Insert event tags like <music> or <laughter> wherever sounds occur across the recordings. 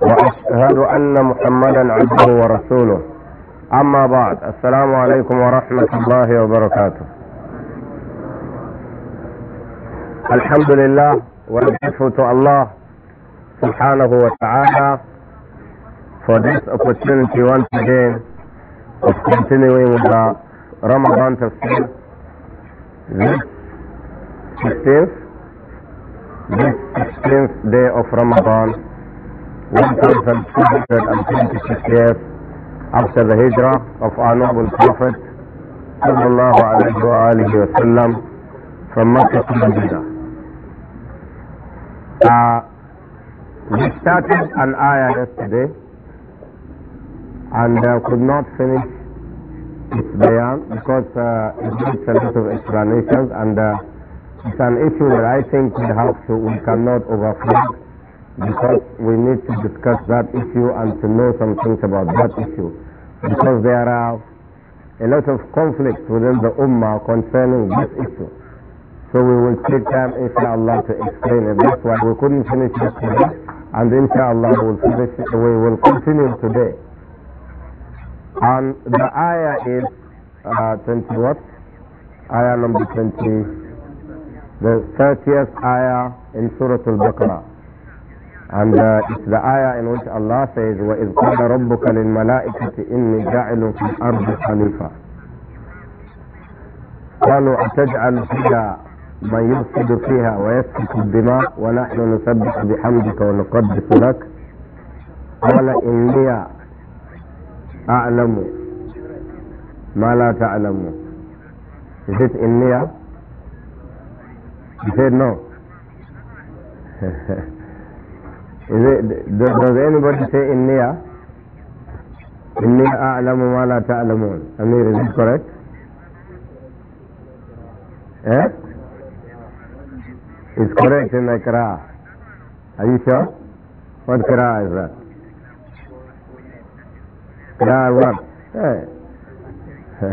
وأشهد أن محمدا عبده ورسوله أما بعد السلام عليكم ورحمة الله وبركاته الحمد لله ورحمة الله سبحانه وتعالى for this opportunity once again of continuing with the Ramadan Tafsir this 16th this 16th day of Ramadan 1226 after the hijrah of our noble prophet sallallahu alayhi wa alihi wa sallam from Mecca to Medina. Uh, we started an ayah yesterday and uh, could not finish its bayan because uh, it needs a lot of explanations and uh, it's an issue that I think we, have to, we cannot overflow because we need to discuss that issue and to know some things about that issue. Because there are a lot of conflicts within the Ummah concerning this issue. So we will take time, inshallah, to explain it. That's why we couldn't finish this today, and inshallah we'll finish it. we will continue today. And the ayah is uh, 20 what? Ayah number 20, the 30th ayah in Surah Al-Baqarah. And uh, it's the ayah in which Allah says, وَإِذْ قَالَ رَبُّكَ لِلْمَلَائِكَةِ إِنِّي جَاعِلٌ فِي الْأَرْضِ خَلِيفَةً قالوا أتجعل فيها من يفسد فيها ويسفك الدماء ونحن نسبح بحمدك ونقدس لك قال إني أعلم ما لا تعلمون Is it إني He said no It, does anybody say inniya? Inniya a'lamu ma la ta'lamun. I is it correct? Eh? It's correct in the kara? Are you sure? What kara is that? Kara what? Eh.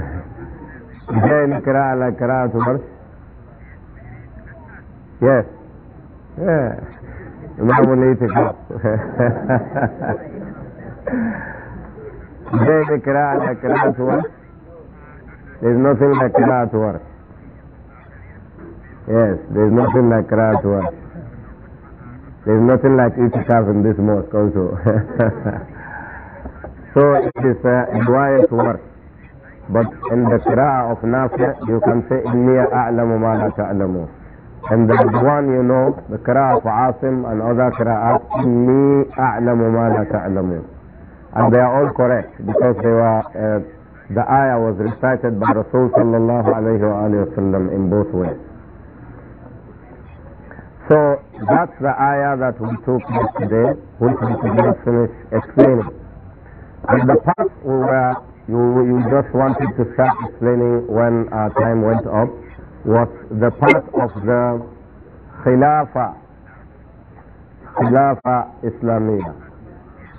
Then kara la kara like Qur'an Yes. Yeah. There's nothing like qira'at work. Yes, there's nothing like qira'at work. There's nothing like itikaf in this mosque also. so it is a wise work. But in the qira'ah of Nafi, you can say, إِنِّي أَعْلَمُ مَا لَا and the one you know, the Qira'ah for Asim and other Qira'at, Inni a'lamu ma la ta'lamun. And they are all correct because they were, uh, the ayah was recited by Rasul sallallahu alayhi wa sallam in both ways. So that's the ayah that we took yesterday, which we will finish explaining. And the part where you, you just wanted to start explaining when our time went up was the part of the Khilafah, Khilafah Islamiyah.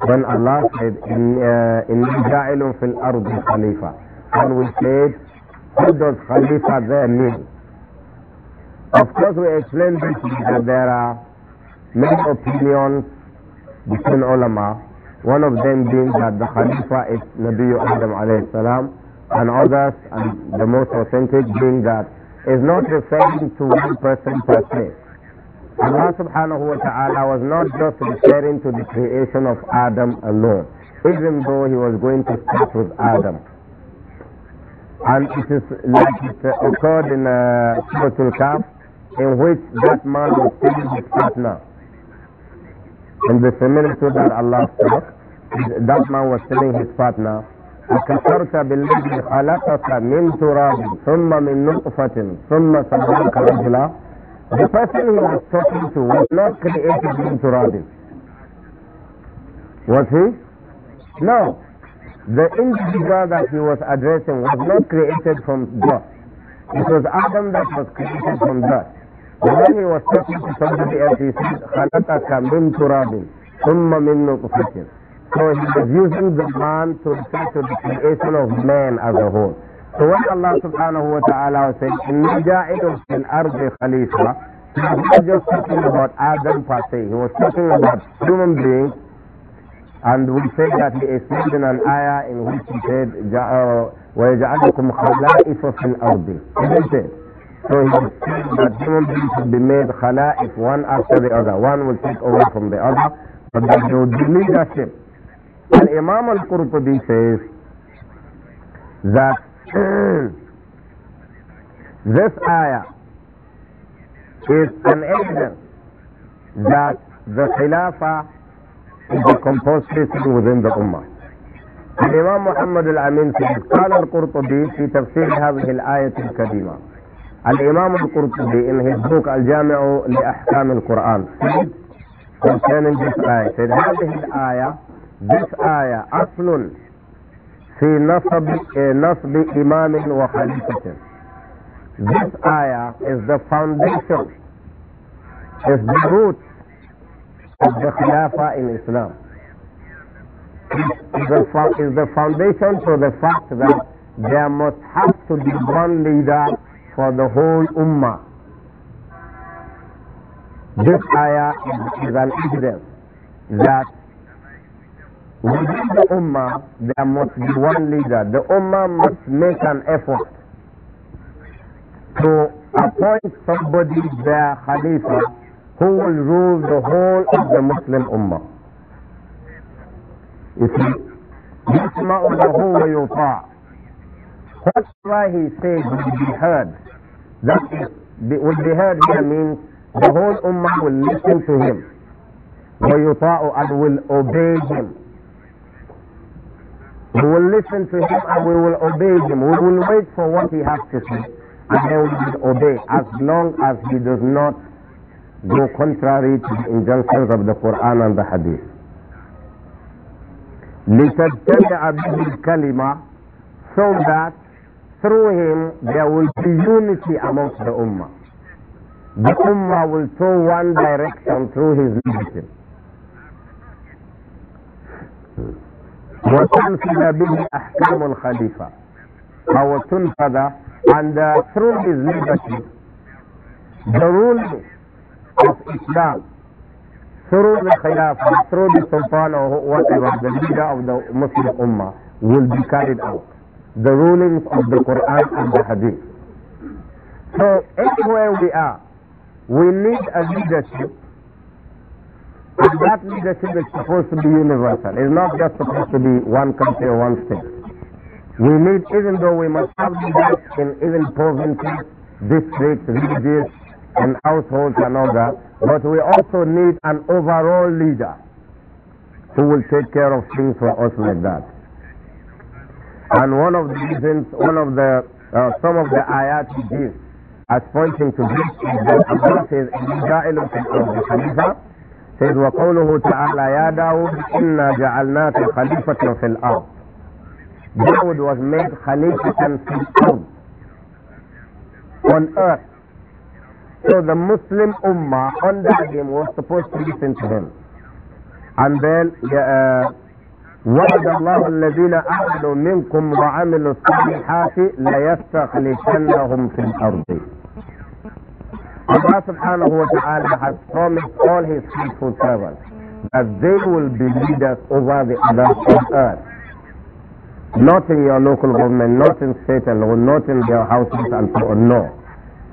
When Allah said, in جَعِلٌ فِي ardu Khalifa, and we said, what does Khalifa there mean? Of course, we explained this that there are many opinions between ulama, one of them being that the Khalifa is Nabi Adam alayhi salam, and others, and the most authentic being that is not referring to one person per se. Allah subhanahu wa ta'ala was not just referring to the creation of Adam alone, even though he was going to start with Adam. And it is like it occurred in uh, Surah al in which that man was telling his partner. In the similitude that Allah spoke, that man was telling his partner, أكفرت بالذي خلقك من تراب ثم من نطفة ثم سواك رجلا The person he was talking to was not created in Turabi. Was he? No. The individual that he was addressing was not created from dust. It was Adam that was created from dust. When he was talking to somebody else, he said, خَلَقَكَ مِن تُرَابٍ ثُمَّ مِن نُطْفَةٍ so he was using the man to refer to the creation of man as a whole. So when Allah subhanahu wa ta'ala was saying, إِنِّي جَاعِدٌ فِي He was not just talking about Adam per se, he was talking about human beings and we say that he explained in an ayah in which he said, وَيَجْعَلُكُمْ خَلَائِفَ فِي الْأَرْضِ Isn't it? So he was saying that human beings should be made khala'if, one after the other. One will take over from the other, but there will be leadership. And Imam al-Qurtubi says that <clears throat> this ayah is an evidence that the Khilafah is a composed thing within the Ummah. الإمام محمد الأمين قال القرطبي في تفسير هذه الآية الكريمة الإمام القرطبي in his book الجامع لأحكام القرآن concerning this ayah said هذه الآية this ayah, أصل في نصب نصب إمام وخليفة. This ayah is the foundation, is the root of the Khilafah in Islam. Is the, is the foundation for the fact that there must have to be one leader for the whole ummah. This ayah is an evidence that Within the Ummah, there must be one leader. The Ummah must make an effort to appoint somebody their Khalifa who will rule the whole of the Muslim Ummah. If you يسمع له ويطاع Whatever he says will be heard. That is, will be heard here means the whole Ummah will listen to him. ويطاع and will obey him. We will listen to him and we will obey him. We will wait for what he has to say and then we will obey as long as he does not go contrary to the injunctions of the Quran and the Hadith. لتجتمع به الكلمة so that through him there will be unity amongst the Ummah. The Ummah will show one direction through his leadership. وتنفذ به أحكام الخليفة أو تنفذ and uh, through his leadership the rule of Islam through the Khilafah, through the Sultan or whatever, the leader of the Muslim Ummah will be carried out. The rulings of the Quran and the Hadith. So anywhere we are, we need a leadership but that leadership is supposed to be universal. It's not just supposed to be one country or one state. We need, even though we must have leaders in even provinces, districts, villages, and households and all that, but we also need an overall leader who will take care of things for us like that. And one of the reasons, one of the, uh, some of the ayat he gives as pointing to this is that Allah says, إذ وقوله تعالى يا داود إنا جعلناك خليفة في الأرض داود was made خليفة في الأرض on earth So the Muslim Ummah under him was supposed to listen to him. And then uh, وعد الله الذين آمنوا منكم وعملوا الصالحات ليستخلفنهم في الأرض Allah subhanahu wa ta'ala has promised all his faithful servants that they will be leaders over the others on earth. Not in your local government, not in state alone, not in their houses and so on. No.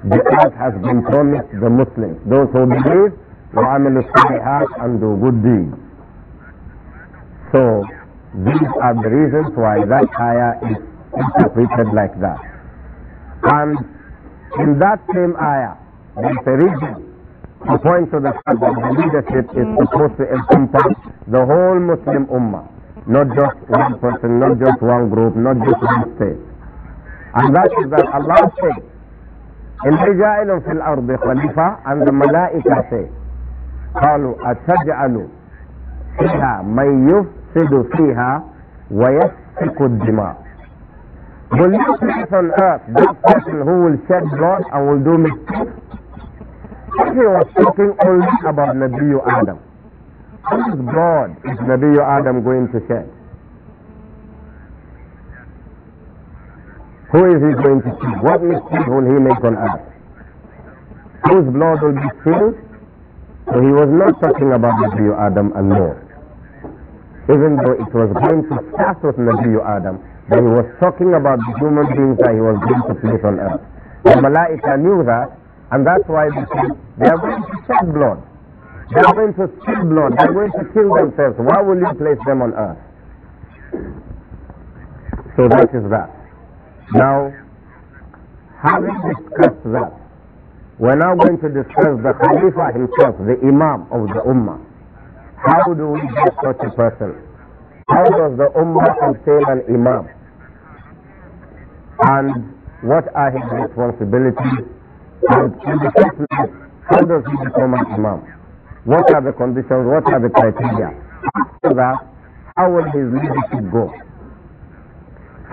The earth has been promised the Muslims, those who believe, وَعَمِلُ الصَّالِحَاتِ and do good deeds. So, these are the reasons why that ayah is interpreted like that. And in that same ayah, that the region to point to the fact that the leadership is supposed to encompass the whole Muslim Ummah, not just one person, not just one group, not just one state. And that is that Allah says, إن رجائل في الأرض خليفة and the ملائكة say قالوا أتجعل فيها من يفسد فيها ويسفك الدماء Will you place on earth that person who will shed blood and will do mischief he was talking only about Nabi Adam. What is God, is Nabi Adam going to shed? Who is he going to see? What mistake will he make on earth? Whose blood will be spilled? So he was not talking about Nabi Adam alone. Even though it was going to start with Nabi Adam, but he was talking about the human beings that he was going to place on earth. The Malaika knew that, and that's why they, are going to shed blood. They are going to spill blood. They are going to kill themselves. Why will you place them on earth? So that is that. Now, having discussed that, we're now going to discuss the Khalifa himself, the Imam of the Ummah. How do we get such a person? How does the Ummah contain an Imam? And what are his responsibilities? And, the question is, how does he become an imam? What are the conditions? What are the criteria? After that, how will his leadership go?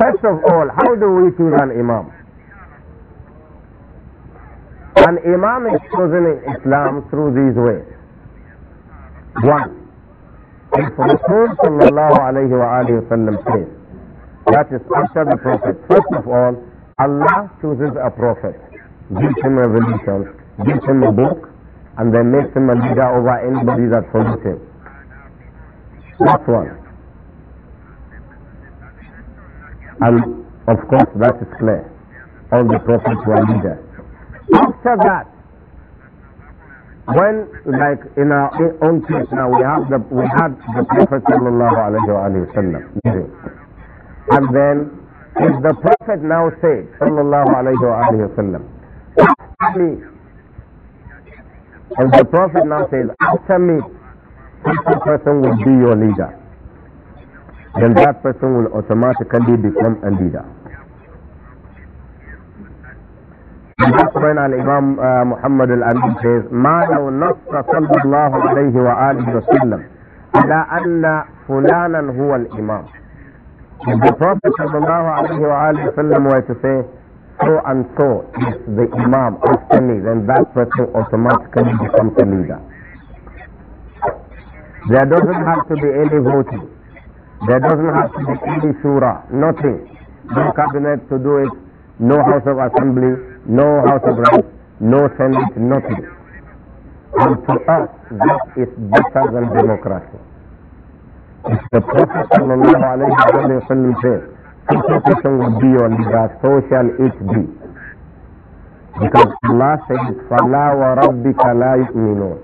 First of all, how do we choose an imam? An imam is chosen in Islam through these ways. One, if Rasul sallallahu alayhi wa alayhi wa sallam says, that is after the Prophet. First of all, Allah chooses a Prophet gives him revelation, gives him a book, and then makes him a leader over anybody that follows him. That's one. And of course, that is clear. All the prophets were leaders. After that, when, like in our own case now, we have the we had the Prophet sallallahu alaihi wasallam, and then if the Prophet now said sallallahu alaihi wasallam me, And the Prophet now says, after me, this person will be your leader. Then that person will automatically become a leader. And that's when Al-Imam uh, Muhammad Al-Amin says, ما nasta نص صلى الله عليه وآله sallam على أن fulanan huwa al-imam." the Prophet صلى الله عليه wa وسلم were to say, so and so is the Imam the me, then that person automatically becomes a leader. There doesn't have to be any voting. There doesn't have to be any surah. nothing. No cabinet to do it, no House of Assembly, no House of Rights. no Senate, nothing. And to us, that is better than democracy. the Prophet says, Social person will be on the social HB. Because Allah said, فَلَا وَرَبِّكَ لَا يُؤْمِنُونَ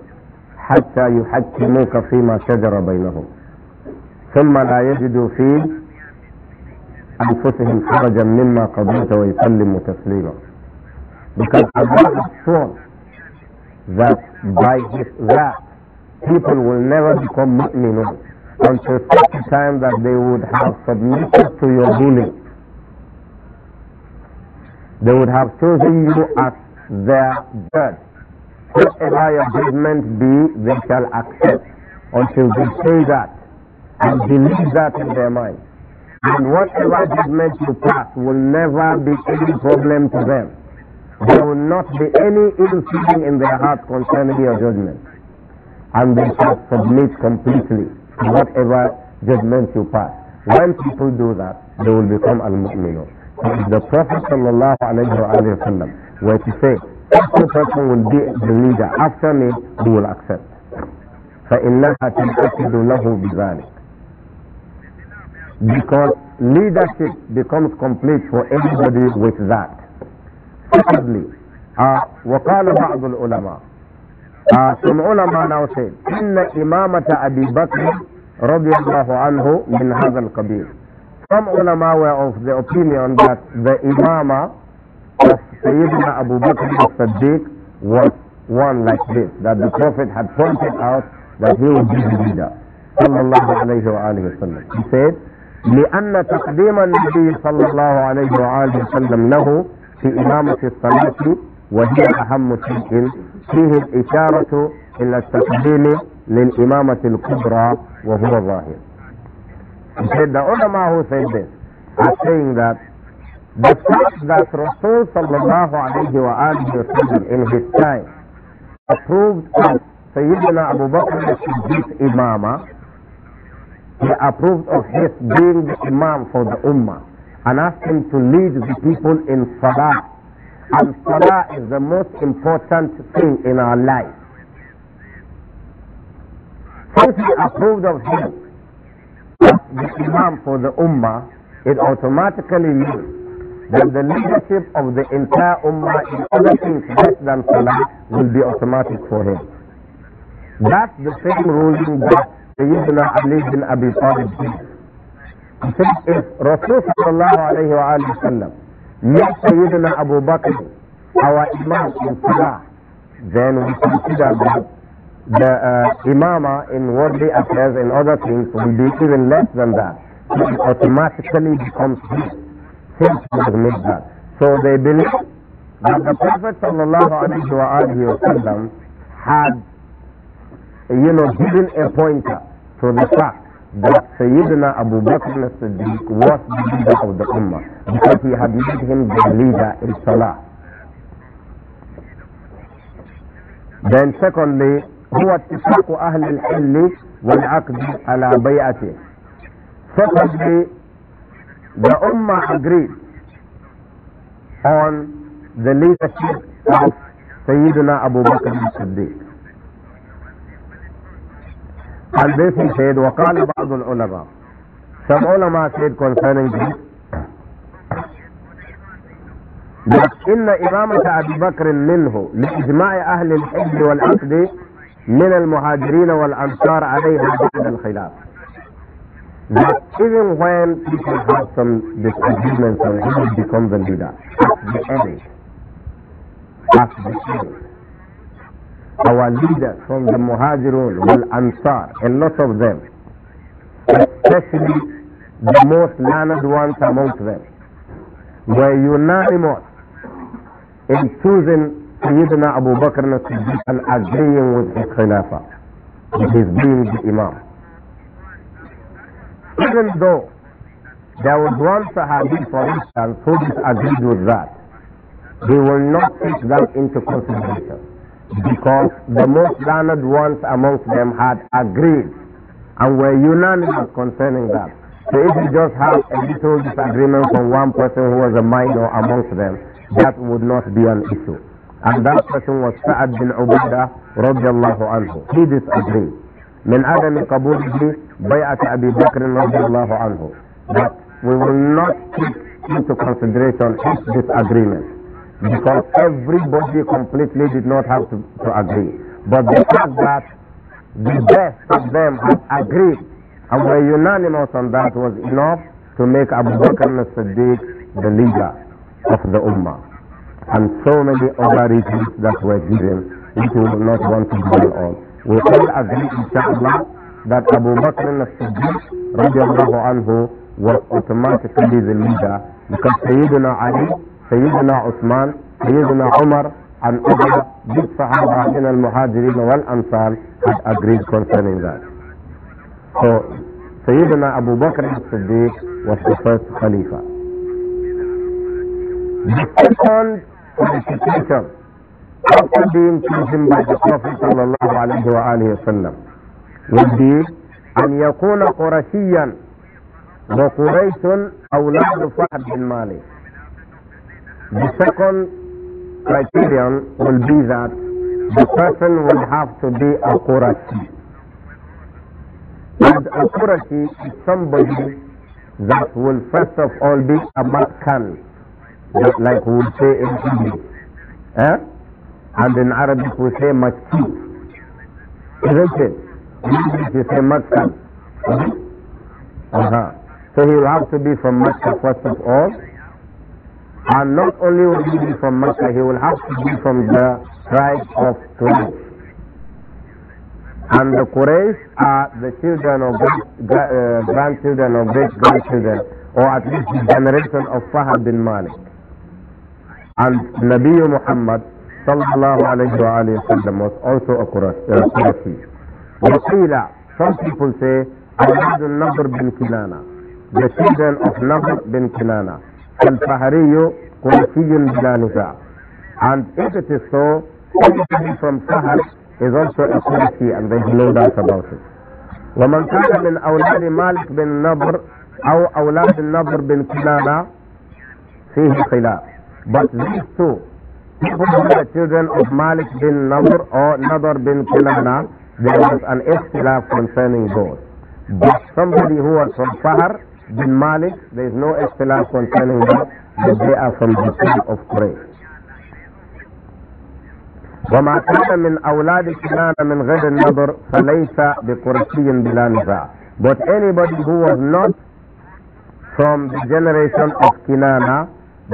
حَتَّى يُحَكِّمُوكَ فِيمَا شَجَرَ بَيْنَهُمْ ثم لا يجدوا في أنفسهم حرجا مما قضيت وَيُسَلِّمُ تسليما. Because Allah has shown that by his wrath, people will never become mu'minun. Until such a time that they would have submitted to your ruling. They would have chosen you as their judge. Whatever your judgment be, they shall accept until they say that and believe that in their mind. And whatever judgment you pass will never be any problem to them. There will not be any ill feeling in their heart concerning your judgment. And they shall submit completely whatever judgment you pass. When people do that, they will become al-mu'minun. if the Prophet sallallahu alayhi wa sallam were to say, every person will be the leader after me, he will accept. فإنها تنأكد له بذلك. Because leadership becomes complete for everybody with that. Secondly, uh, وقال بعض العلماء some ulama now إن إمامة أبي بكر رضي الله عنه من هذا القبيل. Some ulama were of the opinion that the إمامة of سيدنا أبو بكر الصديق was one like this, that the Prophet had pointed out that he would be the leader. صلى الله عليه وآله وسلم. He said, لأن تقديم النبي صلى الله عليه وآله وسلم له في إمامة الصلاة وهي أهم شيء فيه الإشارة إلى التقديم للإمامة الكبرى وهو ظاهر He said the ulama who said this are saying that the fact that Rasul sallallahu alayhi wa alihi in his time approved of Sayyidina Abu Bakr as Imama he approved of his being the Imam for the Ummah and asked him to lead the people in Salah and salah is the most important thing in our life. Since we approved of him as the Imam for the Ummah, it automatically means that the leadership of the entire Ummah in other things less than Salah will be automatic for him. That's the same ruling that Sayyidina Ali bin Abi Talib did. He said, if Rasul sallallahu alayhi wa sallam not Sayyidina Abu Bakr, our Imam in Salah, then we consider that the uh, Imama in worldly affairs and other things will be even less than that. It automatically becomes his since he made that. So they believe that the Prophet ﷺ had, you know, given a pointer to the fact that Sayyidina Abu Bakr as-Siddiq was the leader of the Ummah because he had made him the leader in Salah. Then secondly, هو اتفاق أهل الحل والعقد على بيعته. Secondly, the Ummah agreed on the leadership of Sayyidina Abu Bakr as-Siddiq. البيت سيد وقال بعض العلماء سب علماء سيد كون سنجي إن إمامة أبي بكر منه لإجماع أهل الحج والعقد من المهاجرين والأنصار عليها بعد الخلاف إذن وين people have some disagreements on who becomes the leader? Ask our leaders from the Muhajirun, wal Ansar, a lot of them, especially the most learned ones amongst them, were unanimous in choosing Sayyidina Abu Bakr al siddiq and agreeing with his Khilafah, with his being the Imam. Even though there was one Sahabi, for instance, who disagreed with that, they will not take that into consideration because the most learned ones amongst them had agreed and were unanimous concerning that. So if you just have a little disagreement from one person who was a minor amongst them, that would not be an issue. And that person was Sa'ad bin Ubadah radiallahu anhu. He disagreed. من عدم قبوله بيعة أبي بكر رضي الله عنه. But we will not take into consideration his disagreement because everybody completely did not have to, to agree. But the fact that the best of them had agreed and were unanimous on that was enough to make Abu Bakr as-Siddiq the leader of the Ummah. And so many other reasons that were given, which we will not want to dwell on. We all agree, inshallah, that Abu Bakr as-Siddiq radiallahu anhu was automatically the leader because Sayyidina Ali سيدنا عثمان سيدنا عمر عن أبدا بالصحابة من المهاجرين والأنصار قد agreed concerning ذلك So سيدنا أبو بكر الصديق was the خليفة. The second qualification after being chosen by the Prophet صلى الله عليه وآله وسلم would أن يكون قرشيا وقريش أولاد فهد بن مالك. The second criterion will be that the person will have to be a Qurashi. And a Qurashi is somebody that will first of all be a Makkan, like we say in English. Eh? And in Arabic we say Makki. Isn't it? you say Makkan. Uh-huh. So he will have to be from Makkah first of all. And not only will he be from Makkah, he will have to be from the tribe of Quraysh. And the Quraysh are the children of great, uh, grandchildren of great grandchildren, or at least the generation of Fahad bin Malik. And Nabi Muhammad sallallahu alayhi wa was also a Quraysh. وقيل uh, some people say أولاد Nabr bin كنانة the children of Nabr bin Kinana البحري fahariyu Qurashiyun bila And if it is so, everybody from Sahar is also a Qurashi and there is no doubt about it. ومن كان من أولاد مالك بن نضر أو أولاد النضر بن كنانة فيه خلاف. But these two, people who are children of Malik bin Nadr or Nadr bin Kilana there was an ikhtilaf concerning both But somebody who was from Sahar bin Malik, there is no ikhtilaf concerning them, but they are from the tribe of Quraysh. وما كان من أولاد كنانة من غير النظر فليس بقرشي بلا نزاع. But anybody who was not from the generation of Kinana,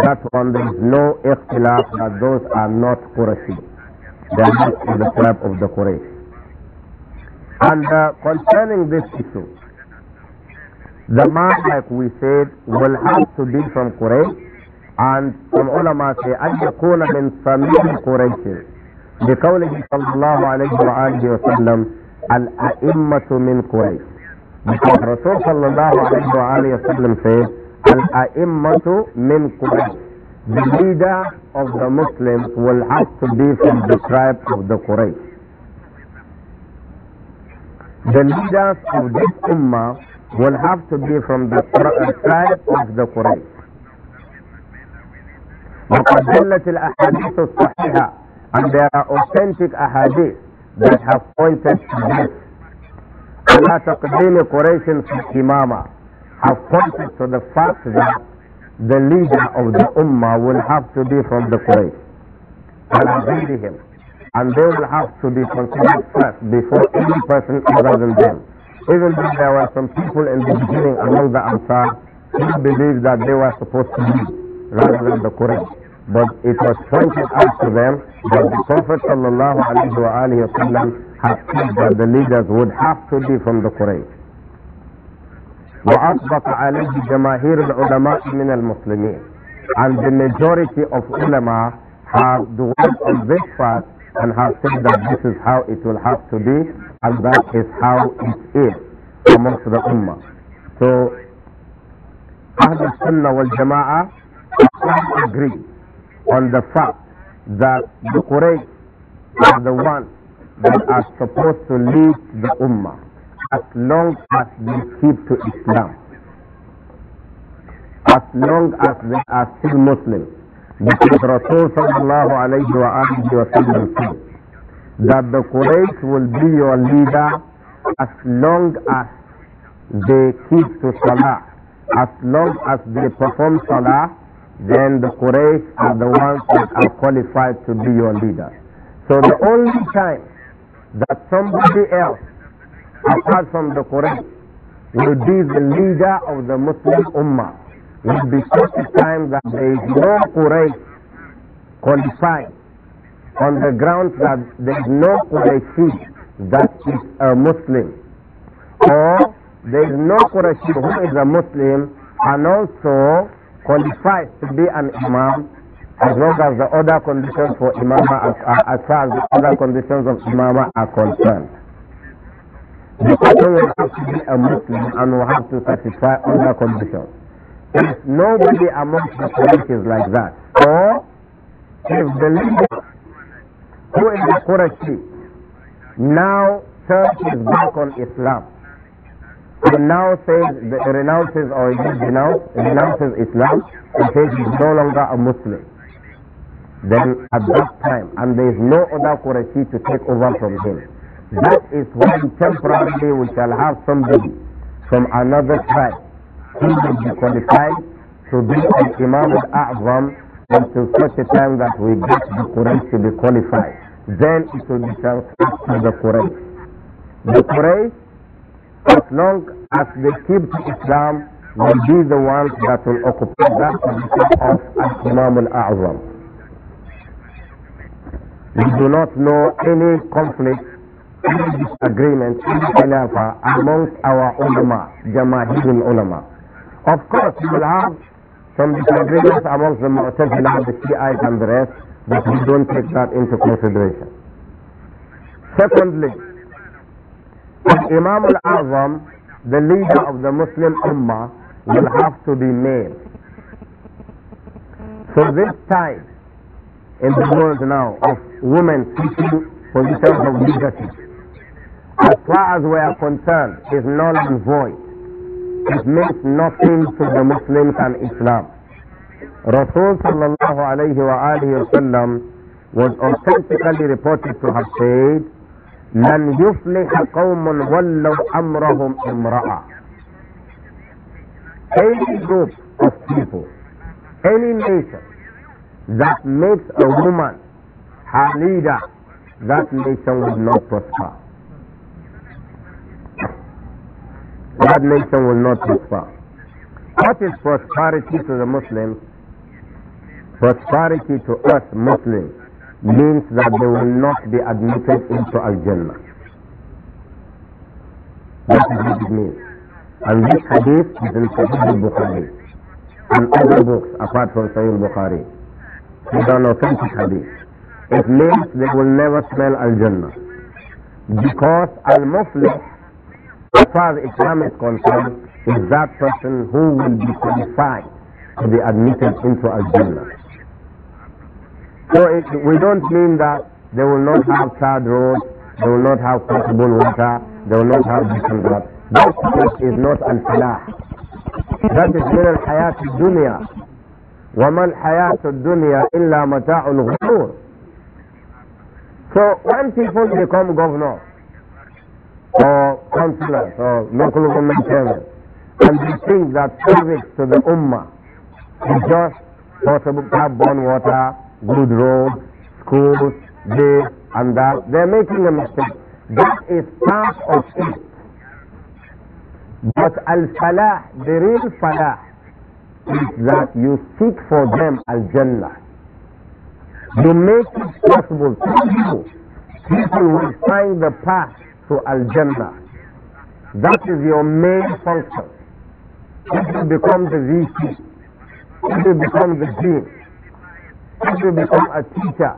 that one there is no ikhtilaf that those are not Quraysh. They are not in the tribe of the Quraysh. And uh, concerning this issue, the man, like we said, will have to be from Quraysh, and some ulama say, أن يكون من صميم قريش لقوله صلى الله عليه وآله وسلم الأئمة من قريش because Rasul صلى الله عليه وآله وسلم said الأئمة من قريش the leader of the Muslims will have to be from the tribe of the Quraysh the leaders of this ummah will have to be from the tribe of the Quraysh. وقد دلت الأحاديث الصحيحة and there are authentic ahadith that have pointed to this. Allah تقديم قريش في الإمامة have pointed to the fact that the leader of the Ummah will have to be from the Quraysh. And they will have to be considered first before any person other than them. Even though there were some people in the beginning among the Ansar who believed that they were supposed to be rather than the Quraysh. But it was pointed out to them that the Prophet ﷺ had said that the leaders would have to be from the Quraysh. وأطبق عليه جماهير العلماء من المسلمين and the majority of ulama have dwelt on this part and have said that this is how it will have to be and that is how it is amongst the Ummah. So, Ahlul Sunnah wal Jama'ah agree on the fact that the Quraysh are the ones that are supposed to lead the Ummah as long as they keep to Islam. As long as they are still Muslims. Because Rasul sallallahu alayhi wa alihi wa sallam said, that the Quraysh will be your leader as long as they keep to Salah. As long as they perform Salah, then the Quraysh are the ones that are qualified to be your leader. So the only time that somebody else, apart from the Quraysh, will be the leader of the Muslim Ummah will be such a time that there is no Quraysh qualified on the grounds that there is no Qurayshi that is a Muslim, or there is no Qurayshi who is a Muslim and also qualifies to be an Imam as long as the other conditions for Imama, as, far as the other conditions of Imama are concerned. because they have to be a Muslim and will have to satisfy other conditions. If nobody amongst the Quraysh is like that, or if the who is the Qurayshi, now turns his back on Islam. He now says, renounces or denounce, renounces Islam and says he's no longer a Muslim. Then at that time, and there is no other Qurayshi to take over from him. That is when temporarily we shall have somebody from another tribe who will be qualified to be an Imam al-A'zam until such a time that we get the Quraysh to be qualified then it will be transferred to the Quraysh. The Quraysh, as long as they keep to Islam, will be the ones that will occupy that position of imam Al-A'zam. We do not know any conflict, any disagreement, any khilafa amongst our ulama, Jamahir ulama. Of course, we will have some disagreements amongst the Mu'tazilah, the Shiites and the rest, but we don't take that into consideration. Secondly, Imam al-Azam, the leader of the Muslim Ummah, will have to be male. So this type in the world now of women seeking positions of leadership, as far as we are concerned, is null and void. It means nothing to the Muslims and Islam. Rasul sallallahu alayhi wa alihi wasallam was authentically reported to have said, لن يفلح قوم أمرهم Any group of people, any nation that makes a woman her leader, that nation will not prosper. That nation will not prosper. What is prosperity to the Muslims? Prosperity to us Muslims means that they will not be admitted into Al-Jannah. That is what it means. And this hadith is in Sahih bukhari and other books apart from Sahih bukhari It's an authentic hadith. It means they will never smell Al-Jannah. Because Al-Muflih, as far as Islam is concerned, is that person who will be qualified to be admitted into Al-Jannah. So it, we don't mean that they will not have tarred roads, they will not have potable water, they will not have this and that. That is not al-falah. salah. is min al-hayat dunya. وَمَا الْحَيَاةُ الدُّنْيَا إِلَّا مَتَاعُ الْغُرُورِ So when people become governor or councillors or local government chairman and they think that service to the ummah is just to have born water good roads, schools, this and that. They're making a mistake. That is part of it. But al-falah, the real falah, is that you seek for them al-jannah. You make it possible to you. People will find the path to al-jannah. That is your main function. If you become the VC. if you become the gene. To become a teacher,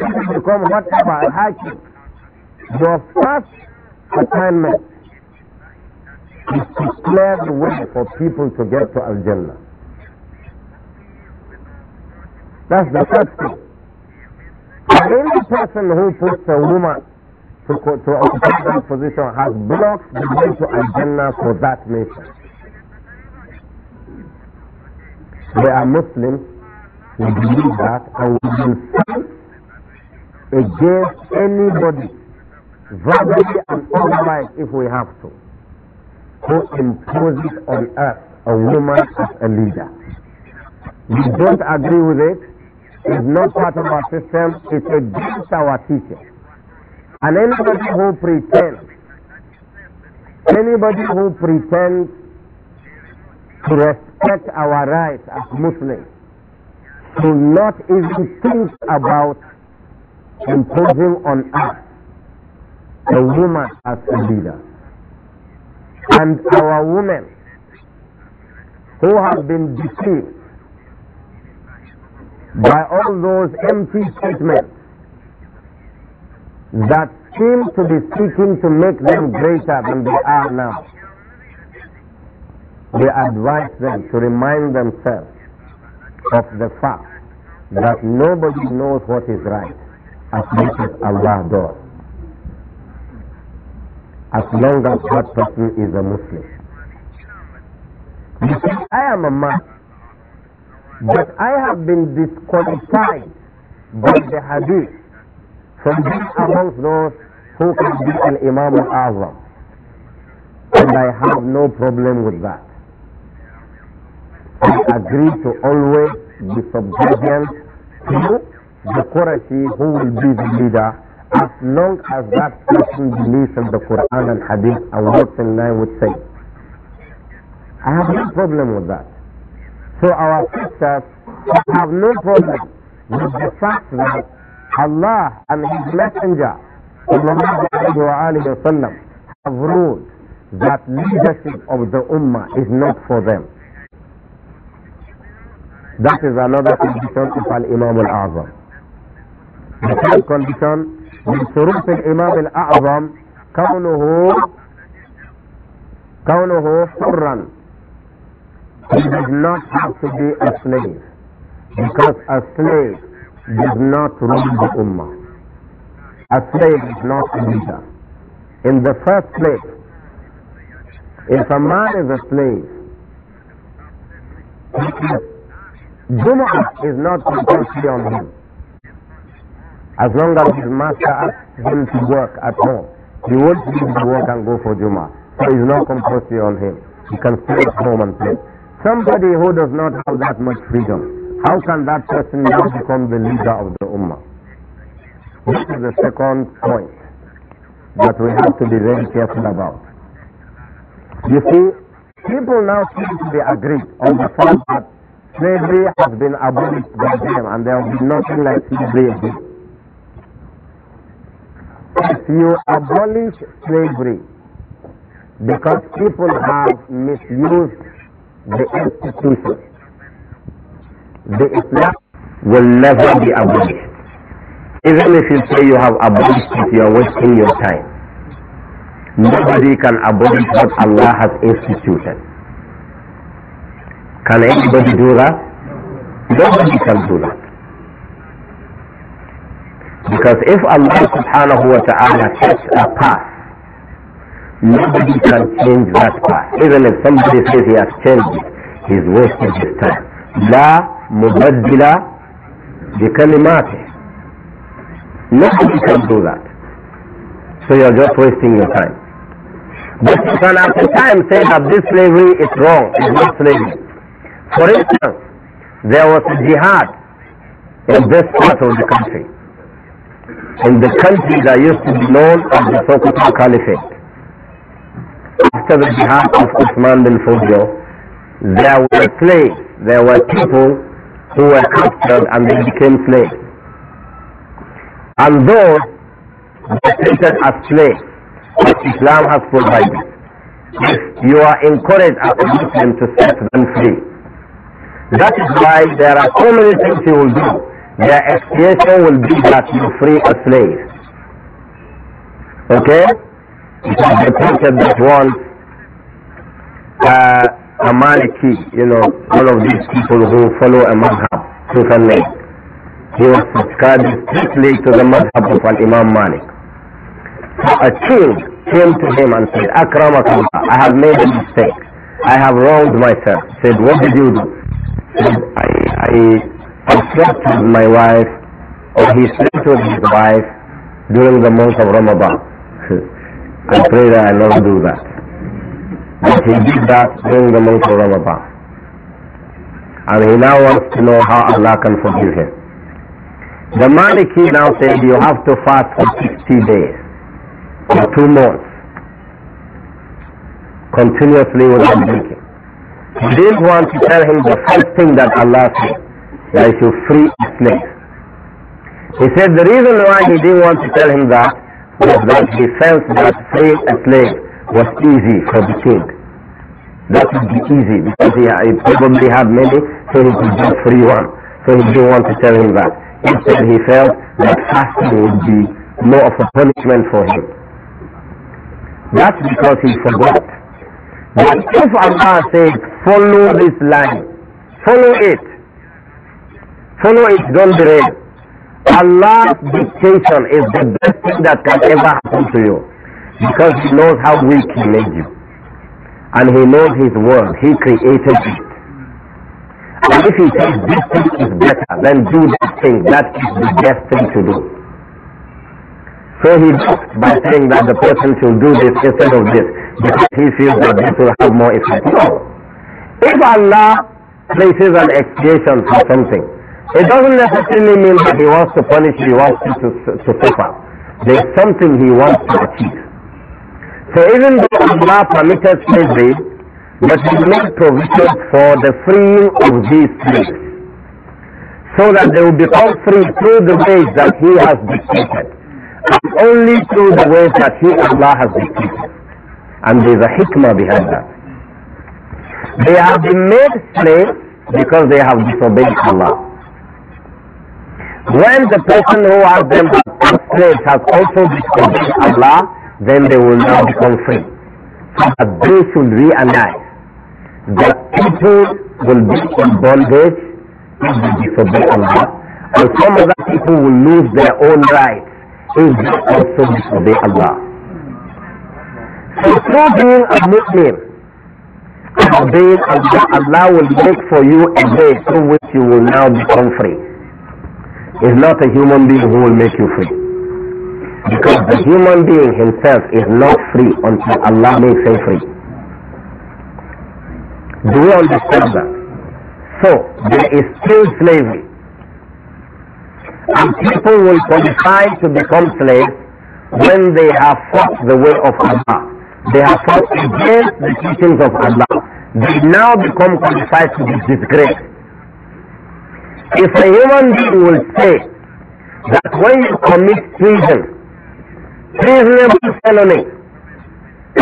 to become whatever, I a you, your first assignment is to clear the way for people to get to Al Jannah. That's the first thing. And any person who puts a woman to, to occupy that position has blocked the way to Al Jannah for that nation. They are Muslims, will believe that and will incite against anybody, verbally and otherwise, if we have to, who imposes on us a woman as a leader. We don't agree with it. It's not part of our system. It's against our teaching. And anybody who pretends, anybody who pretends to respect our rights as Muslims to not even think about imposing on us a woman as a leader. And our women who have been deceived by all those empty statements that seem to be seeking to make them greater than they are now. We advise them to remind themselves of the fact that nobody knows what is right as much as Allah does. As long as that person is a Muslim. I am a man, but I have been disqualified by the hadith from being amongst those who can be an Imam al-Azam. And I have no problem with that agree to always be subservient to the Quraysh, who will be the leader as long as that person believes in the Quran and Hadith and what in line would say. I have no problem with that. So our sisters have no problem with the fact that Allah and His Messenger وسلم, have ruled that leadership of the Ummah is not for them. That is another condition of Al-Imam Al-Azam. The third condition, من شروط الإمام الأعظم كونه كونه حرا. He does not have to be a slave because a slave does not rule the ummah. A slave is not a leader. In the first place, if a man is a slave, Juma is not compulsory on him. As long as his master asks him to work at home, he won't leave the work and go for Juma. So it's not compulsory on him. He can stay at home and play. Somebody who does not have that much freedom, how can that person now become the leader of the Ummah? This is the second point that we have to be very careful about. You see, people now seem to be agreed on the fact that Slavery has been abolished by them, and there will be nothing like slavery. If you abolish slavery, because people have misused the institution, the Islam will never be abolished. Even if you say you have abolished it, you are wasting your time. Nobody can abolish what Allah has instituted. Can anybody do that? Nobody can do that. Because if Allah subhanahu wa ta'ala sets a path, nobody can change that path. Even if somebody says he has changed it, he's wasting his time. لا مبدل بكلماته. Nobody can do that. So you're just wasting your time. But you can at the time say that this slavery is wrong, it's not slavery. For instance, there was a jihad in this part of the country. In the country that used to be known as the Sokoto Caliphate. After the jihad of Usman bin Fodio, there were slaves, there were people who were captured and they became slaves. And those were treated as slaves Islam has provided. If you are encouraged as a Muslim to set them free. That is why there are so many things he will do. Their expiation will be that you free a slave. Okay? It is reported that once uh, a Maliki, you know, all of these people who follow a madhab, truth and name, he was subscribed strictly to the madhab of an Imam Malik. So a king came to him and said, Akramakallah, I have made a mistake. I have wronged myself. He said, what did you do? I, I, I my wife, or he slept with his wife during the month of Ramadan. <laughs> I pray that I never do that. But he did that during the month of Ramadan. And he now wants to know how Allah can forgive him. The Maliki now said, you have to fast for 60 days, for two months, continuously without drinking. He didn't want to tell him the first thing that Allah said, that he should free a slave. He said the reason why he didn't want to tell him that was that he felt that freeing a slave was easy for the king. That would be easy because he, he probably had many, so he could just free one. So he didn't want to tell him that. Instead, he felt that fasting would be more of a punishment for him. That's because he forgot but if Allah says, follow this line, follow it, follow it, don't derail. Allah's dictation is the best thing that can ever happen to you because He knows how weak He made you. And He knows His world. He created it. And if He says this thing is better, then do that thing. That is the best thing to do. So he does by saying that the person should do this instead of this because he feels that this will have more effect. No. If Allah places an expiation for something, it doesn't necessarily mean that he wants to punish, he wants to, to, to suffer. There's something he wants to achieve. So even though Allah permitted slavery, but he made provision for the freeing of these slaves so that they will become free through the ways that he has dictated only through the ways that He, Allah, has decreed, And there's a hikmah behind that. They have been made slaves because they have disobeyed Allah. When the person who has them as slaves has also disobeyed Allah, then they will now become free. So that they should realize that people will be in bondage if they disobey Allah. And some other people will lose their own right is that also disobey Allah. So through being a Muslim and obeying Allah, Allah will make for you a way through which you will now become free. It's not a human being who will make you free. Because the human being himself is not free until Allah makes him free. Do you understand that? So there is still slavery and people will qualify to become slaves when they have fought the way of Allah. They have fought against the teachings of Allah. They now become qualified to be disgraced. If a human being will say that when you commit treason, treasonable felony,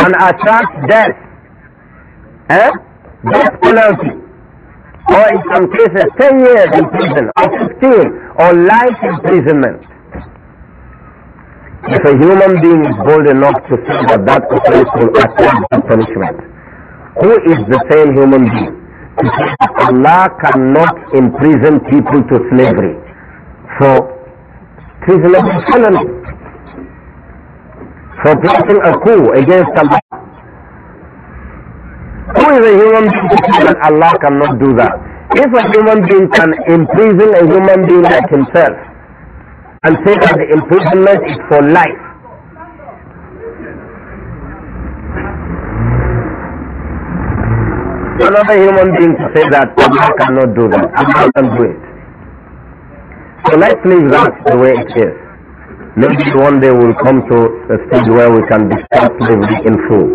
and attract death, eh? death penalty, or in some cases 10 years in prison, 15 or life imprisonment. If a human being is bold enough to say that that offense will punishment, who is the same human being? Allah cannot imprison people to slavery for treasonable felony, for plotting a coup against Allah. Who is a human being that Allah cannot do that? If a human being can imprison a human being like himself and say that the imprisonment is for life, another human being to say that Allah cannot do that, Allah can do it. So let's leave that the way it is. Maybe one day we'll come to a stage where we can discuss slavery in full.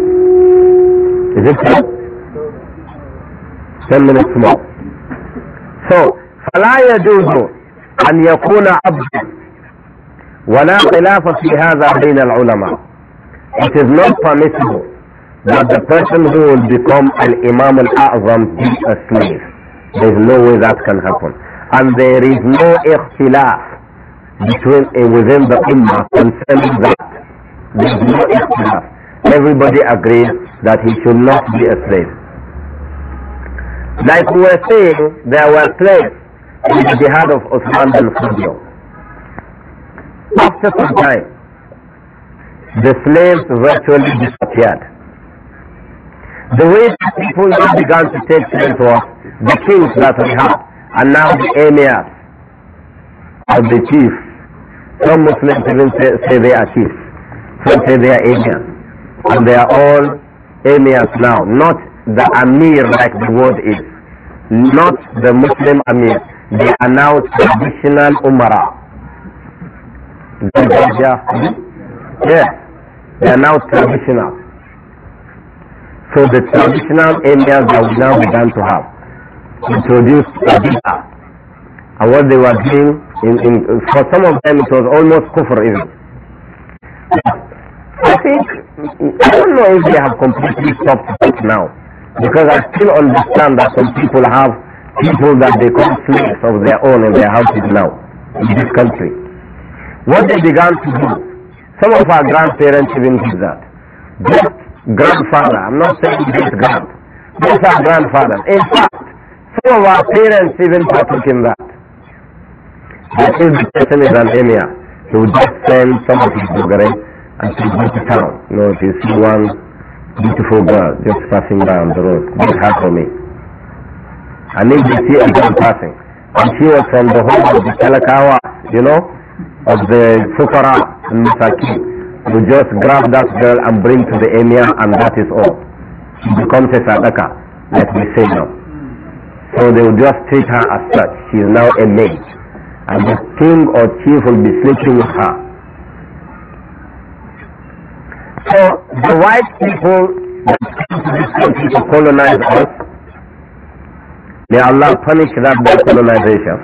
Is it true? Ten minutes more. So, فلا يجوز أن يكون عبد. ولا خلاف في هذا بين العلماء. It is not permissible that the person who will become an Imam al-A'zam be a slave. There is no way that can happen. And there is no ikhtilaf between uh, within the ummah concerning that. There is no ikhtilaf. Everybody agrees that he should not be a slave. Like we were saying, there were plagues in the jihad of Osman bin After some time, the slaves virtually disappeared. The way people began to take slaves was the kings that we had, and now the emirs are the chiefs. Some Muslims even say, say they are chiefs. Some say they are emirs. And they are all emirs now, not the amir like the word is not the Muslim Amir. They are now traditional Umara. Yeah, they are now traditional. So the traditional areas that we now began to have introduced a bid'ah. And what they were doing, in, in, for some of them it was almost even. I think, I don't know if they have completely stopped it now. Because I still understand that some people have people that they call slaves of their own in their houses now, in this country. What they began to do, some of our grandparents even did that. Great grandfather, I'm not saying great grand, just our grandfathers. In fact, some of our parents even partook in that. That is the person is an emir, he would just send some of his bugare and to go to town. You know, if you see one beautiful girl just passing down the road. Good heart for me. And if they see a girl passing, and she was from the home of the Telakawa, you know, of the Fukara and Misaki, you just grab that girl and bring to the emir and that is all. She becomes a sadaka, like me say now. So they will just treat her as such. She is now a maid. And the king or chief will be sleeping with her. So the white people to colonize us, may Allah punish that by colonization.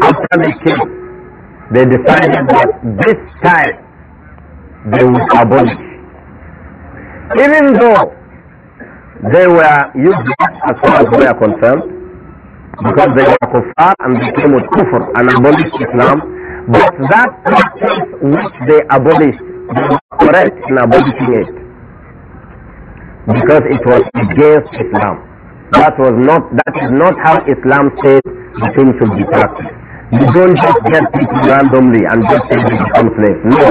After they came, they decided that this time they would abolish. Even though they were used as far as we are concerned, because they were kuffar and they came with kufr and abolished Islam, but that practice which they abolished correct in abolishing it because it was against Islam. That was not that is not how Islam says the thing should be practiced. You don't just get people randomly and just say they become slaves. No.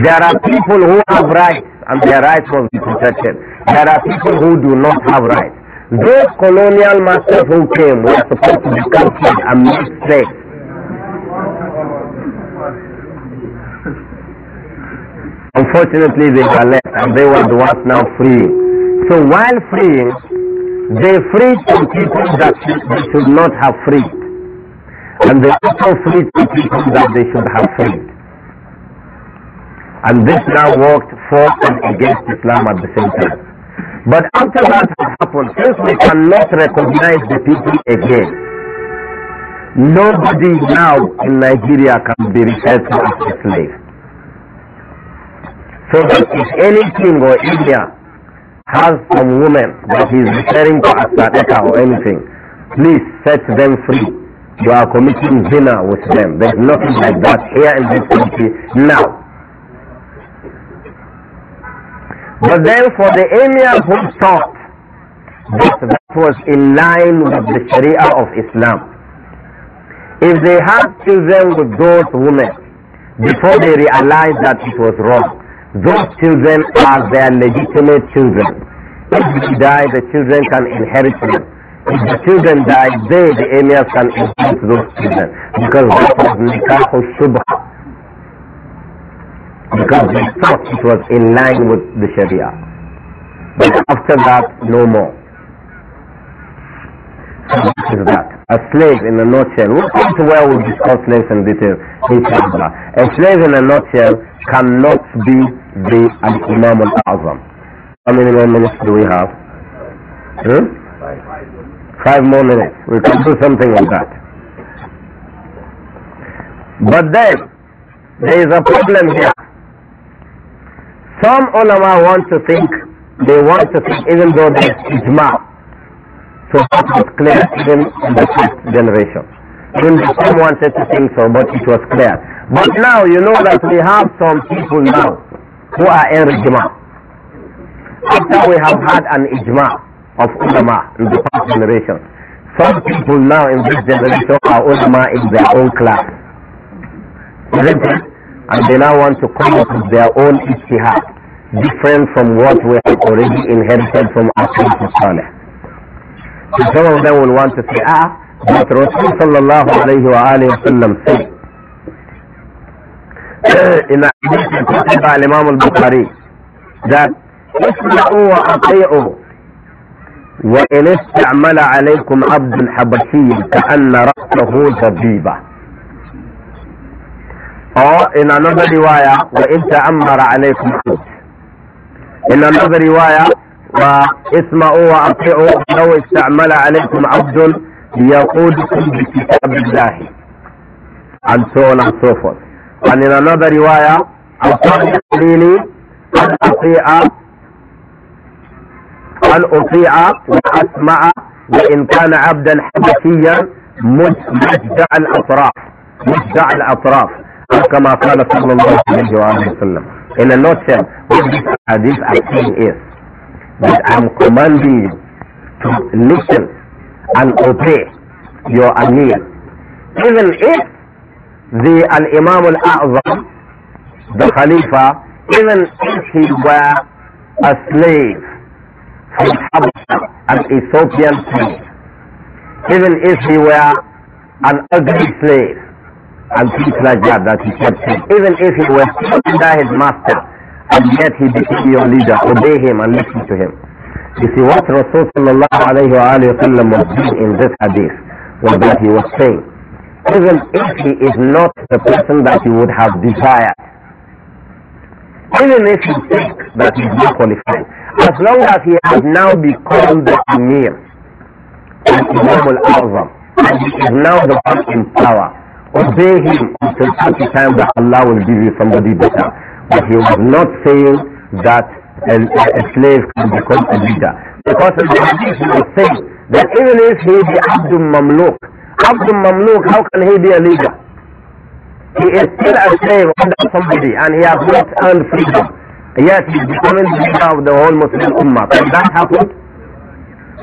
There are people who have rights and their rights must be protected. There are people who do not have rights. Those colonial masters who came were supposed to be captured and made slaves Unfortunately, they were left and they were the ones now free. So while freeing, they freed some people that they should not have freed. And they also freed some people that they should have freed. And this now worked for and against Islam at the same time. But after that has happened, since we cannot recognize the people again, nobody now in Nigeria can be referred to as a slave. So that if any king or India has some woman that he is referring to as sadaka or anything, please set them free. You are committing zina with them. There's nothing like that here in this country now. But then for the emir who thought that that was in line with the sharia of Islam, if they had children with those women before they realized that it was wrong, those children are their legitimate children. If they die, the children can inherit them. If the children die, they, the emirs, can inherit those children. Because that was nikahu shubha. Because they thought it was in line with the Sharia. But after that, no more. so that is that a slave in a nutshell. We'll come to where we'll discuss slaves in detail, inshallah. A slave in a nutshell cannot be the an Imam al Azam. How many more minutes do we have? Hmm? Five more minutes. We can do something like that. But then, there is a problem here. Some ulama want to think, they want to think, even though there's ijma' So what was clear in the first generation. Even some wanted to think so, but it was clear. But now you know that we have some people now who are in ijma. After we have had an ijma of ulama in the past generation, some people now in this generation are ulama in their own class. Isn't it? And they now want to come up with their own ijtihad, different from what we have already inherited from our Salih. The fellow then will want to say, ah, but Rasul sallallahu alayhi wa alayhi wa sallam said, in a hadith reported by Imam al-Bukhari, that, اسمعوا وأطيعوا وإن استعمل عليكم عبد حبشي كأن رأسه زبيبة or in another riwayah وإن تأمر عليكم عبد in another riwayah واسمعوا واطيعوا لو استعمل عليكم عبد ليقودكم بكتاب الله and so on and so forth and in another رواية أوصاني أن أطيع أن أطيع وأسمع وإن كان عبدا حبشيا مجدع الأطراف مجدع الأطراف كما قال صلى الله عليه وآله وسلم In a nutshell, what this hadith actually is. that I'm commanding you to listen and obey your Amir. Even if the Al Imam Al A'zam, the Khalifa, even if he were a slave from Habasha, an Ethiopian slave, even if he were an ugly slave, and things like that that he kept even if he were under his master, and yet he became your leader. Obey him and listen to him. You see, what Rasul was doing in this hadith was that he was saying, even if he is not the person that you would have desired, even if you think that he is not qualified, as long as he has now become the Amir, the Imam al-Azam, and he is now the one in power, obey him until such time that Allah will give you somebody better if you would not saying that a, a slave can become a leader. Because in the hadith you say that even if he be Abdul Mamluk, Abdul Mamluk, how can he be a leader? He is still a slave under somebody and he has not earned freedom. Yet he is becoming the leader of the whole Muslim Ummah. Can that happen?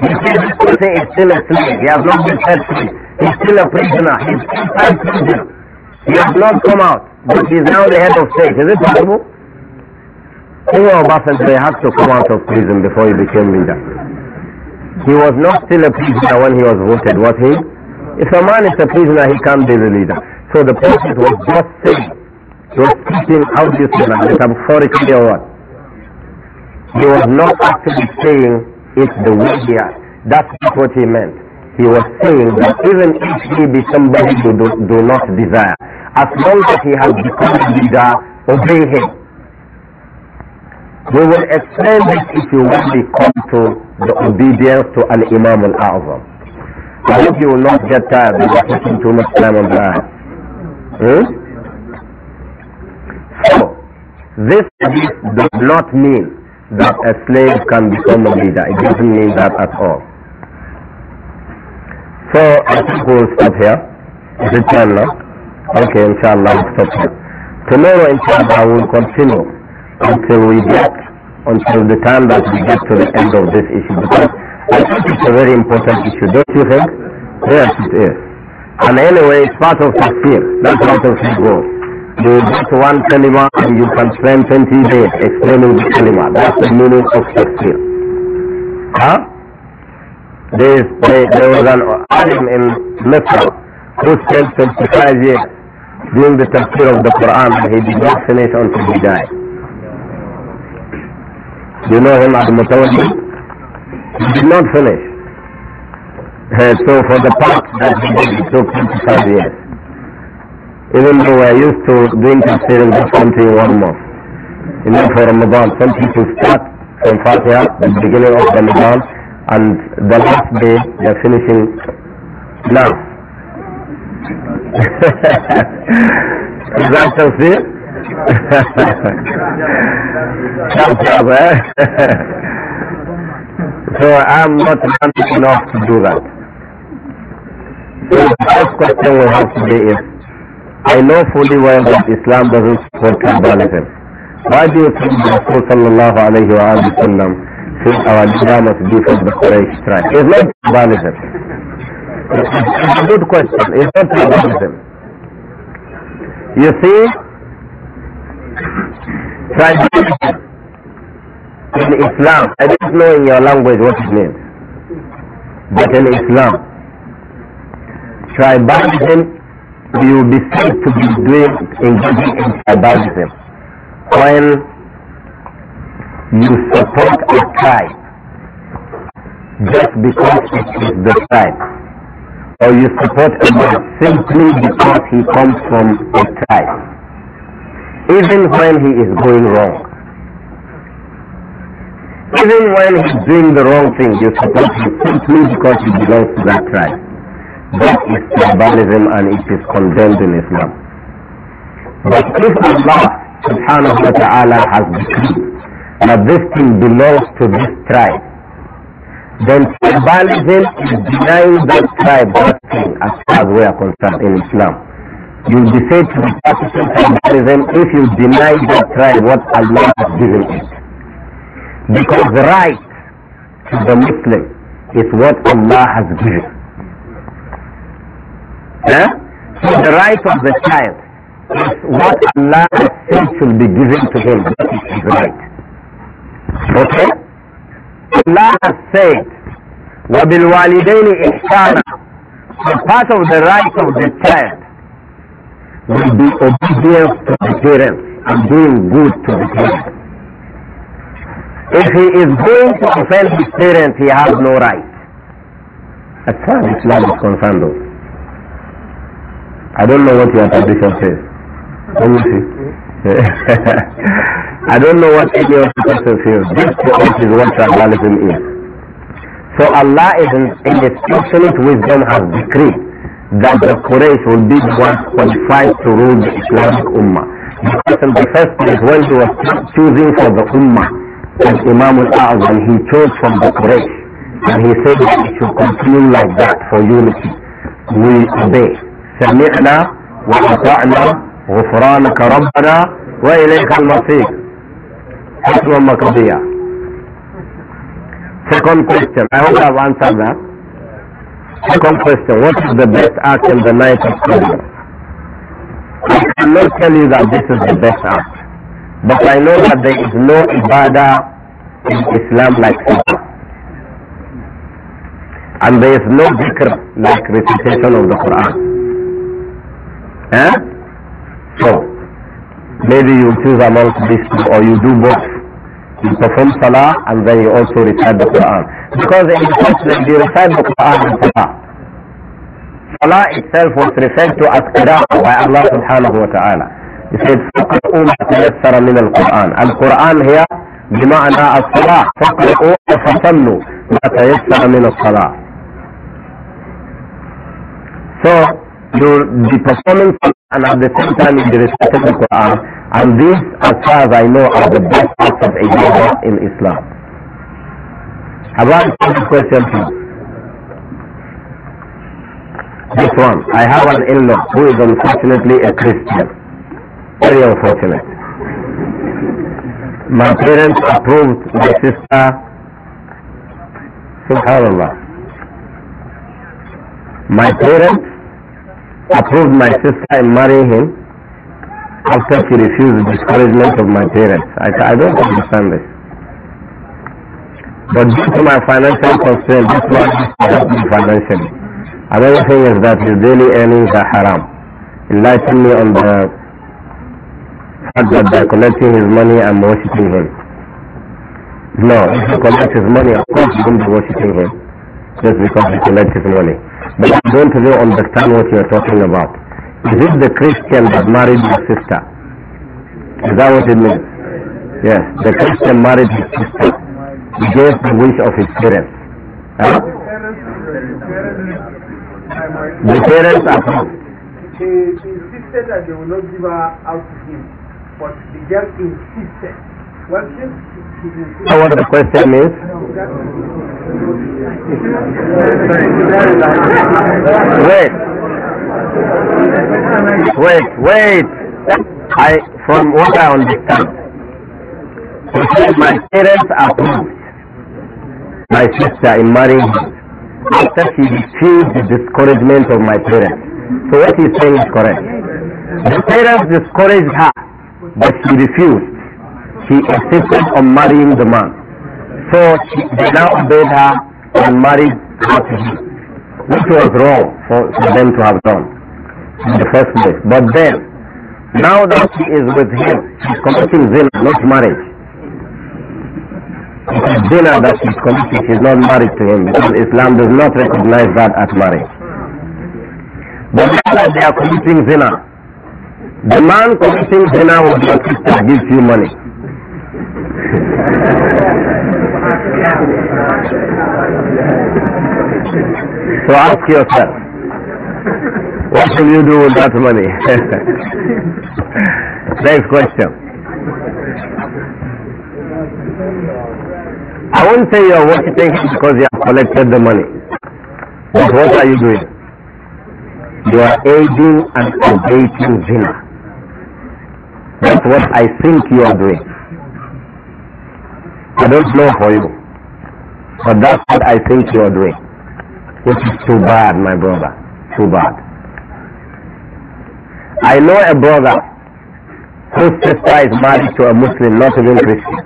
You see, this person is still a slave. He has not been set free. He is still a prisoner. He still a prisoner. He has not come out, but he is now the head of state. Is it possible? Umar may had to come out of prison before he became leader. He was not still a prisoner when he was voted, was he? If a man is a prisoner, he can't be the leader. So the Prophet was just saying, he was speaking out this metaphorically or what? He was not actually saying it's the way he That's not what he meant he was saying that even if he be somebody you do, do not desire, as long as he has become a leader, obey him. We will explain this if you we come to the obedience to Al Imam Al Azam. I hope you will not get tired because taking too much time on that. Hmm? So, this does not mean that a slave can become a leader. It doesn't mean that at all. So I think we'll stop here. Is it now? Okay, inshallah, we'll stop here. Tomorrow, inshallah, we'll continue until we get, until the time that we get to the end of this issue. Because I think it's a very important issue, don't you think? Yes, it is. And anyway, it's part of tafsir. That's how tafsir goes. You get one kalima and you can spend 20 days explaining the kalima. That's the meaning of tafsir. Huh? This, they, there was an alim in Mecca who spent 25 years doing the tafsir of the Quran and he did not finish until he died. You know him as Mutawalli? He did not finish. Uh, so for the part that he did, he took 25 years. Even though I used to doing tafsir in the country one month. You know, for Ramadan, some people start from Fatiha, the beginning of Ramadan, and the last day they're finishing now. <laughs> Is that sincere? Thumbs job, eh? so I'm not enough to do that. So the first question we have today is, I know fully well that Islam doesn't support tribalism. Why do you think the Rasul sallallahu alayhi wa sallam should our leader not be from the Quraysh tribe? It's not tribalism. It's a good question. It's not tribalism. You see, tribalism in Islam, I don't know in your language what it means, but in Islam, tribalism you will be to be doing engaging in tribalism when you support a tribe just because it is the tribe. Or you support a man simply because he comes from a tribe. Even when he is going wrong. Even when he's doing the wrong thing, you support him simply because he belongs to that tribe. That is tribalism and it is condemned in Islam. But if Allah subhanahu wa ta'ala has decreed and this thing belongs to this tribe, then tribalism is denying that tribe that thing as far as we are concerned in Islam. You'll be said to be practicing tribalism if you deny that tribe what Allah has given it. Because the right to the Muslim is what Allah has given. Huh? So the right of the child is what Allah has said should be given to him. That is his right. Okay? Allah has said, وَبِالْوَالِدَيْنِ إِحْسَانًا So part of the right of the child will be obedience to the parents and doing good to the parents. If he is going to offend his parents, he has no right. As far as Islam is concerned though. I don't know what your tradition says. Let me see. <laughs> I don't know what any of the person feels. This is what tribalism is. So Allah is in, in His infinite wisdom has decreed that the Quraysh will be the ones qualified to rule the Islamic Ummah. Because in the first place when he was choosing for the Ummah, as Imam al-A'zam, he chose from the Quraysh. And he said that it should continue like that for unity. We obey. سمعنا وأطعنا غفرانك ربنا وإليك المصير Fatwa Maqdiya. Second question. I hope I've answered that. Second question. What is the best act in the night of Qadr? I cannot tell you that this is the best act. But I know that there is no ibadah in Islam like this, And there is no dhikr like recitation of the Quran. Eh? So, Maybe you choose among these two or you do both. You perform salah and then you also recite the Quran. Because in the first you recite the Quran and salah. Salah itself was referred to as qira'ah by Allah subhanahu wa ta'ala. He said, فَقْرَؤُوا مَا تَيَسَّرَ مِنَ الْقُرْآنِ Al-Quran here بمعنى الصلاة فقرؤوا فصلوا ما تيسر من الصلاة So you'll be performing and at the same time respect of the Quran. And these, as far as I know, are the best parts of ibadah in Islam. Have I answered the question please? This one, I have an in-law who is unfortunately a Christian. Very unfortunate. My parents approved my sister. SubhanAllah. My parents approved my sister in marrying him after she refused the discouragement of my parents. I, I don't understand this. But due to my financial constraint, this man is me financially. Another thing is that his daily earnings are haram. Enlighten me on the fact that by collecting his money I'm worshipping him. No, if you collect his money, of course you won't be worshipping him just because you collect his money. But I don't really understand what you're talking about. Is it the Christian that married his sister? Is that what it means? Yes, the Christian married his sister. He gave the wish of his parents. Huh? The parents approved. She insisted that they will not give her out to him, but the girl insisted. Well, she so what the question is? Wait. Wait, wait. I, from what I understand, my parents approved my sister in marrying him after she refused the discouragement of my parents. So what he's saying is correct. The parents discouraged her, but she refused. He insisted on marrying the man. So she, they now obeyed her and married her which was wrong for, them to have done in the first place. But then, now that she is with him, she's committing zina, not marriage. It is zina that she's committing, she's not married to him because Islam does not recognize that as marriage. But now that they are committing zina, the man committing zina will be accused gives you money so ask yourself, what will you do with that money? <laughs> Next question. I won't say you're worshipping him because you have collected the money. But what are you doing? You are aiding and abating zina. That's what I think you are doing. I don't know for you. But that's what I think you're doing. Which is too bad, my brother. Too bad. I know a brother whose sister is married to a Muslim, not even Christian.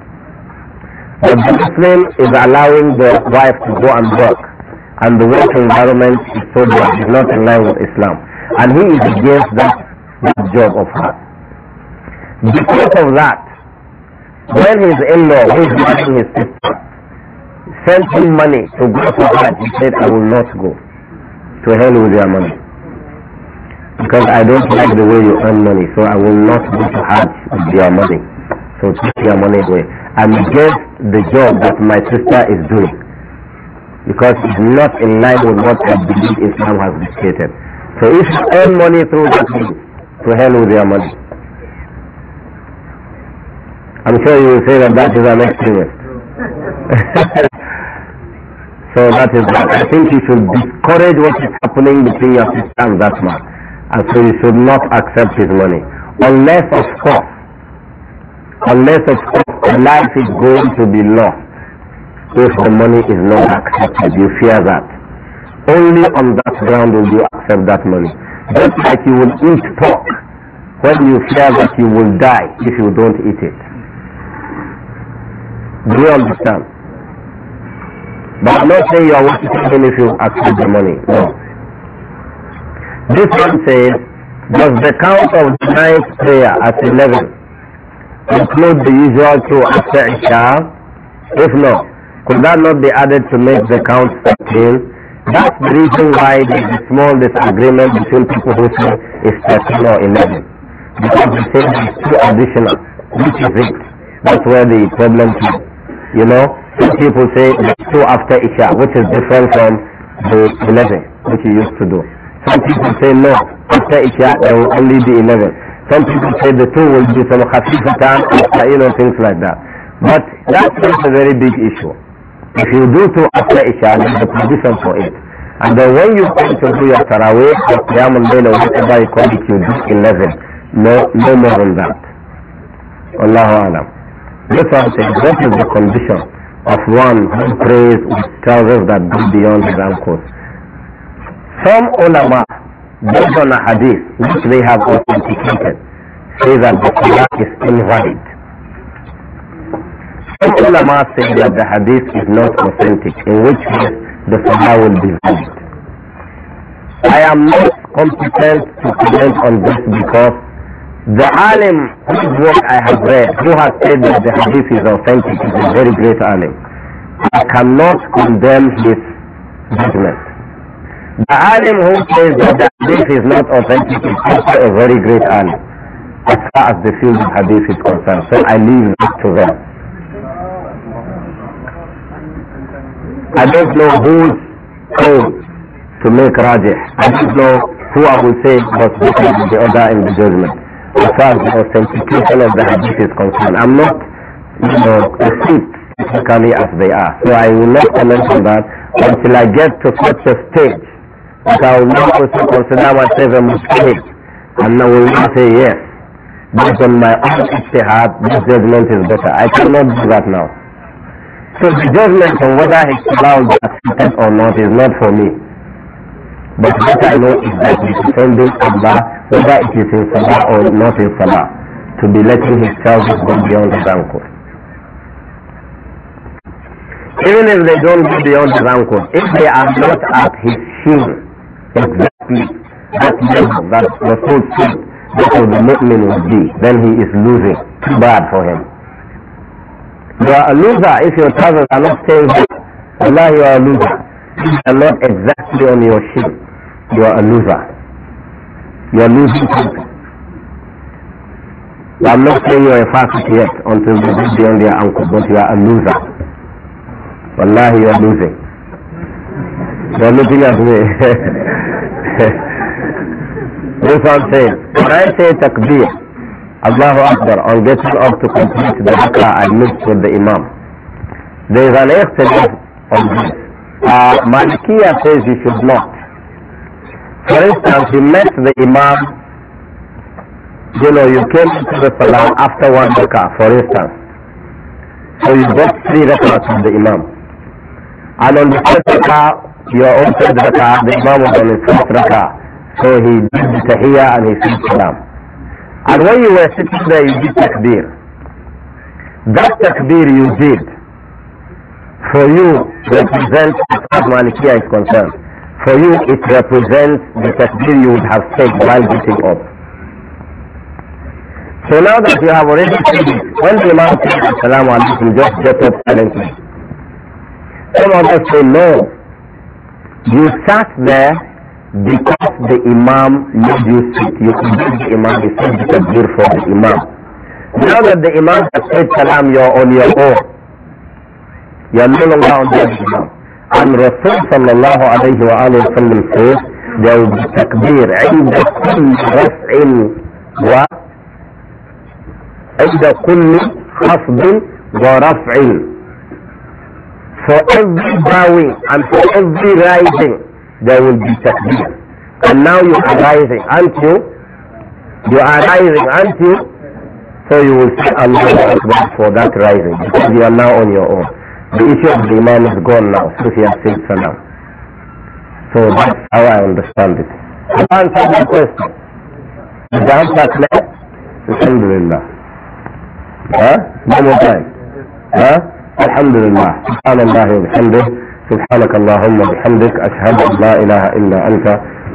But the Muslim is allowing the wife to go and work. And the work environment is so bad, it's not in line with Islam. And he is against that, that job of hers. Because of that, when his in-law, who is marrying his sister, sent him money to go to Hajj, he said, I will not go. To hell with your money. Because I don't like the way you earn money, so I will not go to Hajj with your money. So take your money away. I'm against the job that my sister is doing. Because it's not in line with what I believe Islam has dictated. So if you earn money through that means, to hell with your money. I'm sure you will say that that is an extremist. <laughs> so that is that. I think you should discourage what is happening between your sister and that man. And so you should not accept his money. Unless, of course, unless, of course, life is going to be lost if the money is not accepted. You fear that. Only on that ground will you accept that money. Just like you will eat pork when you fear that you will die if you don't eat it. Do you understand? But I'm not saying you are worshipping him if you accept the money. No. This one says, does the count of the ninth prayer at 11 include the usual two after Isha? If no, could that not be added to make the count 13? That's the reason why there is a small disagreement between people who say it's 13 or 11. Because they say there's too additional, which is it. That's where the problem is. You know, some people say two after Isha, which is different from the 11, which you used to do. Some people say no, after Isha there will only be 11. Some people say the two will be some khafifatan, you know, things like that. But that's not a very big issue. If you do two after Isha, there is a provision for it. And then when you come to do your Taraweeh or Qiyam al-Layl whatever you call it, you do 11. No, no more than that. Allahu Alam. This is the condition of one who prays with trousers that go beyond his ankles. Some ulama, based on a hadith which they have authenticated, say that the salah is invalid. Some ulama say that the hadith is not authentic, in which case the salah will be valid. I am not competent to comment on this because the alim whose I have read, who has said that the hadith is authentic, is a very great alim. I cannot condemn his judgment. The alim who says that the hadith is not authentic is also a very great alim, as far as the field of hadith is concerned. So I leave that to them. I don't know who's to make rajah. I don't know who I will say was better than the other in the judgment as far as the authentication of the hadith is concerned. I'm not, you know, received technically as they are. So I will not comment on that until I get to such a stage that I will not also consider myself a mistake and I will not say yes. Based on my own heart. this judgment is better. I cannot do that now. So the judgment on whether it's allowed accepted or not is not for me. But what I know is that he's defending Allah, whether it is in Salah or not in Salah, to be letting his charges go beyond his ankle. Even if they don't go beyond his ankle, if they are not at his shin, exactly that level that the full shin, that of the mu'min would be, then he is losing. Too bad for him. You are a loser if your trousers are not staying here. Allah, you are a loser. You are not exactly on your shin you are a loser. You are losing something. I'm not saying you are a fast yet until you get beyond your ankle, but you are a loser. Wallahi, you are losing. You are looking at me. this what I'm saying. When I say takbir, Allahu Akbar, on getting up to complete the rak'ah I mixed with the imam. There is an lesson on this. Uh, Malikiya says you should not. For instance, you met the Imam, you know, you came to the Salah after one rakah, for instance. So you got three rakahs from the Imam. And on the first rakah, your own third rakah, the Imam was on his first rakah. So he did the tahiyyah and he said salam. And when you were sitting there, you did takbir. That takbir you did, for you represents the far as Malikiya is concerned. For you, it represents the takbir you would have said while getting up. So now that you have already said it, when the Imam says Assalamu alaikum, just get up silently. Some of us say, no. You sat there because the Imam made you sit. You could the Imam, you said the takbir for the Imam. Now that the Imam has said salam, you're on your own. You're no longer on the Imam. عن الرسول صلى الله عليه وآله وسلم قال لو بتكبير عند كل رفع و عند كل خفض ورفع for every bowing and for every rising there will be takbir and now you are rising aren't you you are rising aren't you so you will see Allah Akbar for that rising because you are now on your own The issue of the Imam is gone now, since he has said Salam. So that's how I understand it. Have I answered your question? Is the answer clear? Alhamdulillah. Huh? One more time. Huh? Alhamdulillah. Subhanallah wa bihamdih. سبحانك اللهم وبحمدك أشهد أن لا إله إلا أنت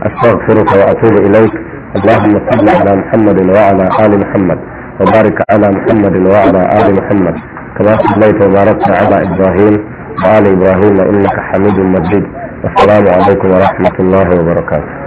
أستغفرك وأتوب إليك اللهم صل على محمد وعلى آل محمد وبارك على محمد وعلى آل محمد كما صليت وباركت على إبراهيم وآل إبراهيم إنك حميد مجيد والسلام عليكم ورحمة الله وبركاته